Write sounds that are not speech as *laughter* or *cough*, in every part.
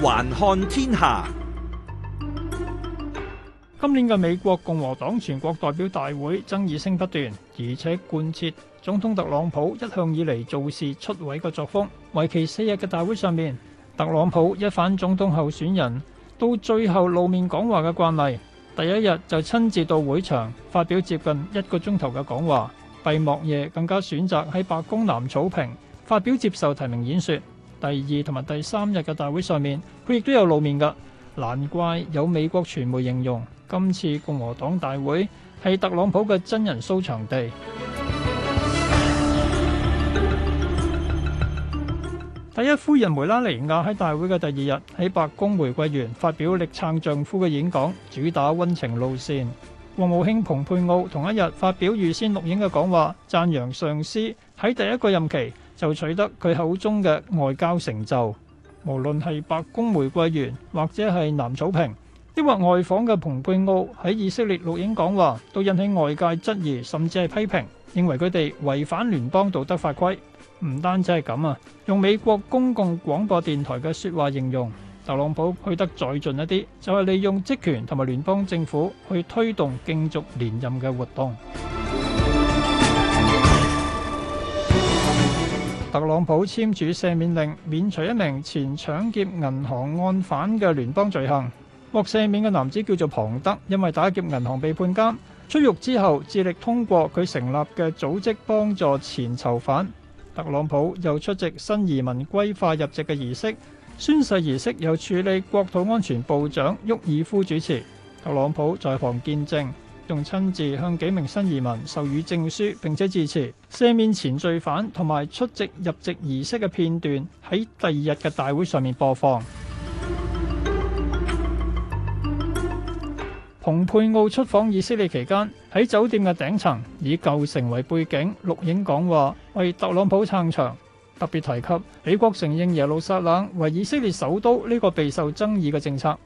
環看天下，今年嘅美國共和黨全國代表大會爭議聲不斷，而且貫徹總統特朗普一向以嚟，做事出位嘅作風。為期四日嘅大會上面，特朗普一反總統候選人到最後露面講話嘅慣例，第一日就親自到會場發表接近一個鐘頭嘅講話。閉幕夜更加選擇喺白宮南草坪發表接受提名演說。第二同埋第三日嘅大會上面，佢亦都有露面嘅。難怪有美國傳媒形容，今次共和黨大會係特朗普嘅真人 show 場地。 *music* 第一夫人梅拉尼婭喺大會嘅第二日喺白宮玫瑰園發表力撐丈夫嘅演講，主打溫情路線。國務卿蓬佩奧同一日發表預先錄影嘅講話，讚揚上司喺第一個任期就取得佢口中嘅外交成就。無論係白宮玫瑰園或者係南草坪，抑或外訪嘅蓬佩奧喺以色列錄影講話，都引起外界質疑甚至係批評，認為佢哋違反聯邦道德法規。唔單止係咁啊，用美國公共廣播電台嘅說話形容。特朗普去得再盡一啲，就係利用職權同埋聯邦政府去推動競逐連任嘅活動。特朗普簽署赦免令，免除一名前搶劫銀行案犯嘅聯邦罪行。獲赦免嘅男子叫做龐德，因為打劫銀行被判監，出獄之後致力通過佢成立嘅組織幫助前囚犯。特朗普又出席新移民歸化入籍嘅儀式。宣誓儀式由處理國土安全部長沃爾夫主持，特朗普在旁見證，仲親自向幾名新移民授予證書，並且致辭。赦免前罪犯同埋出席入籍儀式嘅片段喺第二日嘅大會上面播放。 *music* 蓬佩奧出訪以色列期間，喺酒店嘅頂層以舊城為背景錄影講話，為特朗普撐場。特別提及美國承認耶路撒冷為以色列首都呢個備受爭議嘅政策。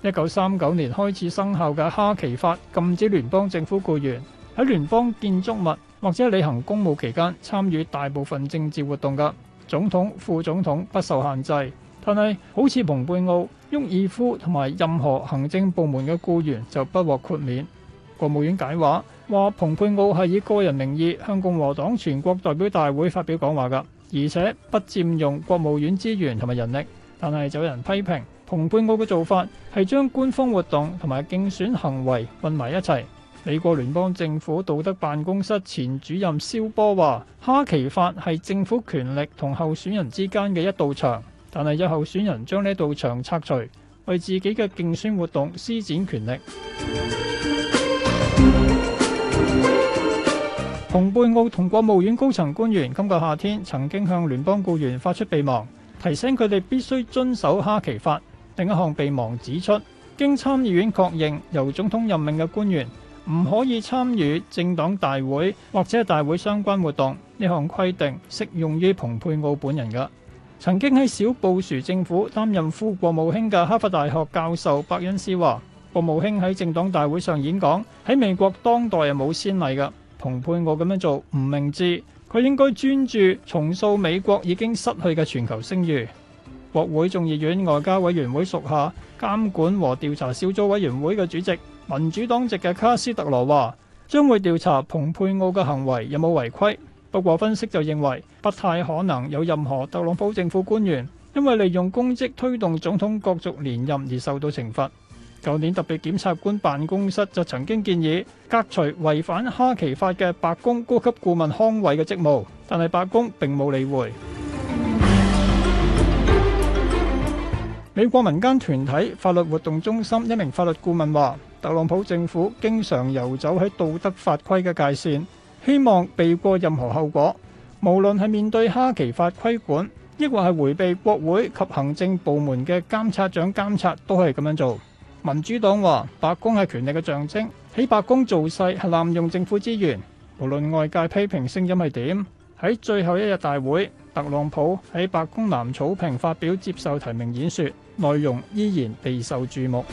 一九三九年開始生效嘅哈奇法禁止聯邦政府雇員喺聯邦建築物或者履行公務期間參與大部分政治活動㗎。總統、副總統不受限制，但係好似蓬佩奧、翁爾夫同埋任何行政部門嘅雇員就不獲豁免。國務院解話話，蓬佩奧係以個人名義向共和黨全國代表大會發表講話㗎。而且不佔用國務院資源同埋人力，但係就有人批評蓬佩奧嘅做法係將官方活動同埋競選行為混埋一齊。美國聯邦政府道德辦公室前主任肖波話，哈奇法係政府權力同候選人之間嘅一道牆，但係有候選人將呢道牆拆除，為自己嘅競選活動施展權力。蓬佩奧同國務院高層官員今個夏天曾經向聯邦雇員發出備忘，提醒佢哋必須遵守哈奇法。另一項備忘指出，經參議院確認由總統任命嘅官員唔可以參與政黨大會或者大會相關活動。呢項規定適用於蓬佩奧本人嘅。曾經喺小布殊政府擔任副國務卿嘅哈佛大學教授伯恩斯話：國務卿喺政黨大會上演講喺美國當代係冇先例嘅。蓬佩奧咁樣做唔明智，佢應該專注重塑美國已經失去嘅全球聲譽。國會眾議院外交委員會屬下監管和調查小組委員會嘅主席民主黨籍嘅卡斯特羅話：將會調查蓬佩奧嘅行為有冇違規。不過分析就認為不太可能有任何特朗普政府官員因為利用公職推動總統角逐連任而受到懲罰。舊年特別檢察官辦公室就曾經建議革除違反哈奇法嘅白宮高級顧問康偉嘅職務，但係白宮並冇理會。 *music* 美國民間團體法律活動中心一名法律顧問話，特朗普政府經常游走喺道德法規嘅界線，希望避過任何後果，無論係面對哈奇法規管，亦或係迴避國會及行政部門嘅監察長監察，都可以咁樣做。民主黨話：白宮係權力嘅象徵，喺白宮造勢係濫用政府資源。無論外界批評聲音係點，喺最後一日大會，特朗普喺白宮南草坪發表接受提名演說，內容依然備受注目。